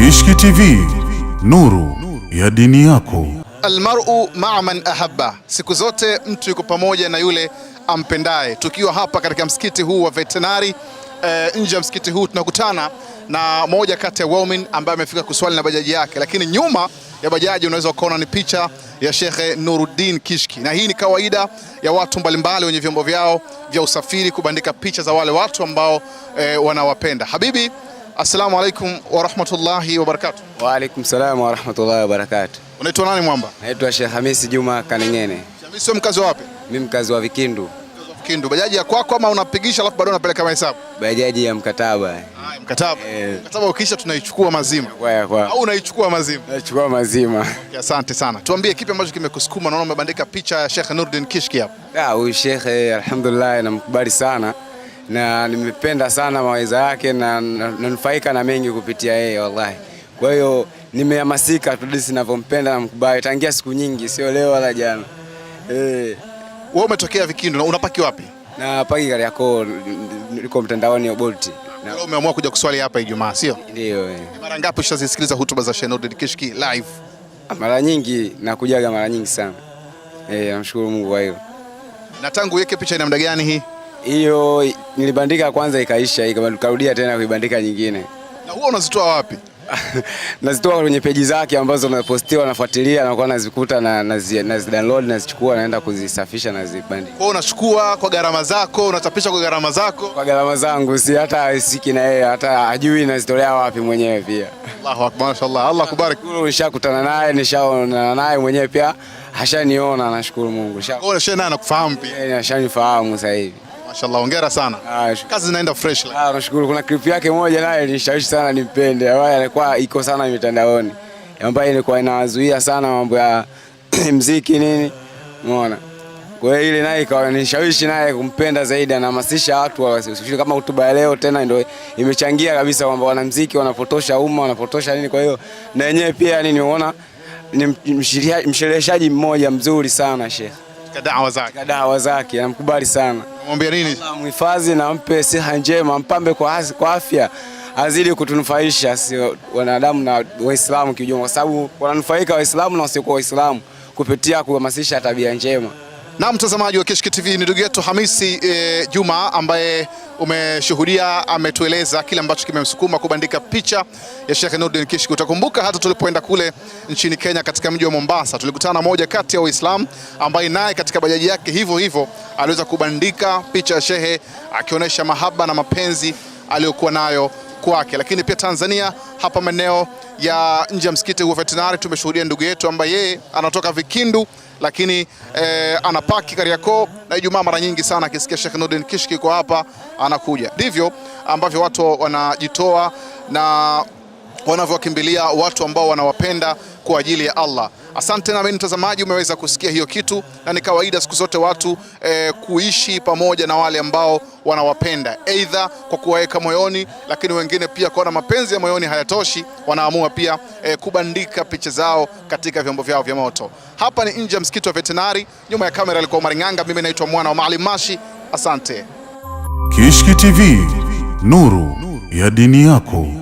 Kishki TV, nuru ya dini yako. Almaru maa man ahabba, siku zote mtu yuko pamoja na yule ampendaye. Tukiwa hapa katika msikiti huu wa Vetenari e, eh, nje ya msikiti huu tunakutana na moja kati ya waumini ambaye amefika kuswali na bajaji yake, lakini nyuma ya bajaji unaweza ukaona ni picha ya Shekhe Nuruddin Kishki, na hii ni kawaida ya watu mbalimbali wenye vyombo vyao vya usafiri kubandika picha za wale watu ambao eh, wanawapenda. Habibi Assalamu alaikum warahmatullahi wabarakatuh. Wa alaikum salam warahmatullahi wabarakatuh. Unaitwa nani mwamba? Naitwa Sheikh Hamisi Juma Kanengene. Hamisi, wewe mkazi wa wapi? Mimi mkazi wa Vikindu. Vikindu. Bajaji ya kwako ama unapigisha alafu baadaye unapeleka mahesabu? Bajaji ya mkataba. Ah, mkataba. Eh. Mkataba ukisha tunaichukua mazima. Kwa kwa. Au unaichukua mazima? Naichukua mazima. Okay, asante sana. Tuambie kipi ambacho kimekusukuma, naona umebandika picha ya Sheikh Nurdin Kishki hapo. Ah, huyu Sheikh eh, alhamdulillah namkubali sana na nimependa sana mawaidha yake na nanufaika na mengi kupitia yeye wallahi. Kwa hiyo nimehamasika tudisi ninavyompenda na mkubali tangia siku nyingi, sio leo wala jana. Eh, wewe umetokea Vikindu na unapaki wapi? Na paki gari yako liko mtandaoni ya Bolt. Na leo umeamua kuja kuswali hapa Ijumaa, sio? Ndio. Eh. Mara ngapi ushazisikiliza hotuba za Shenold Kishki live? Mara nyingi na kujaga mara nyingi sana. Eh, namshukuru Mungu kwa hiyo. Na tangu uweke picha ina muda gani hii? hiyo nilibandika kwanza ikaisha, ikarudia tena kuibandika nyingine. Na huwa unazitoa wapi? nazitoa kwenye peji zake ambazo napostiwa, nafuatilia, nakuwa nazikuta na nazidownload, nazichukua, naenda kuzisafisha, nazibandika. Kwa unachukua kwa gharama zako, unachapisha kwa gharama zako? Kwa gharama zangu, si hata siki na yeye hata ajui nazitolea wapi mwenyewe pia. Allahu akbar, mashaallah, Allah kubarik. Nishakutana naye, nishaonana naye mwenyewe pia, ashaniona, nashukuru Mungu. Eh, Ashanifahamu sasa hivi. Mashallah, hongera sana. Ah, Kazi zinaenda fresh. like. Ah, nashukuru. Kuna clip yake moja naye ilishawishi sana nimpende, ambayo yaani alikuwa iko sana mitandaoni, ambayo ilikuwa inawazuia sana mambo ya muziki nini, umeona. Kwa hiyo ile naye ikawa nishawishi naye kumpenda zaidi, anahamasisha watu kama hotuba ya leo tena ndio imechangia kabisa kwamba wanamuziki wanapotosha umma, wanapotosha nini. Kwa hiyo na yenyewe pia nini, nimeona ni mshereheshaji mmoja mzuri sana Sheikh katika dawa zake, katika dawa zake namkubali sana. Namwambia nini? Mhifadhi na mpe siha njema, mpambe kwa, kwa afya azidi kutunufaisha si wanadamu na Waislamu kiujumla, kwa sababu wananufaika Waislamu na wasiokuwa Waislamu kupitia kuhamasisha tabia njema. Na mtazamaji wa Kishki TV ni ndugu yetu Hamisi e, Juma ambaye umeshuhudia ametueleza kile ambacho kimemsukuma kubandika picha ya Sheikh Nuruddin Kishki. Utakumbuka hata tulipoenda kule nchini Kenya katika mji wa Mombasa, tulikutana moja kati ya Waislamu ambaye naye katika bajaji yake hivyo hivyo aliweza kubandika picha ya shehe akionyesha mahaba na mapenzi aliyokuwa nayo kwake. Lakini pia Tanzania hapa maeneo ya nje ya msikiti wa Veterinari tumeshuhudia ndugu yetu ambaye yeye anatoka Vikindu lakini eh, anapaki Kariakoo na Ijumaa mara nyingi sana akisikia Sheikh Nurdin Kishki kwa hapa anakuja. Ndivyo ambavyo watu wanajitoa na wanavyokimbilia watu ambao wanawapenda kwa ajili ya Allah. Asante na mimi mtazamaji, umeweza kusikia hiyo kitu, na ni kawaida siku zote watu e, kuishi pamoja na wale ambao wanawapenda, aidha kwa kuwaweka moyoni, lakini wengine pia kuona mapenzi ya moyoni hayatoshi, wanaamua pia e, kubandika picha zao katika vyombo vyao vya moto. Hapa ni nje ya msikiti wa Vetenari, nyuma ya kamera alikuwa Maringanga. mimi naitwa mwana wa Maalim Mashi. Asante. Kishki TV, nuru ya dini yako.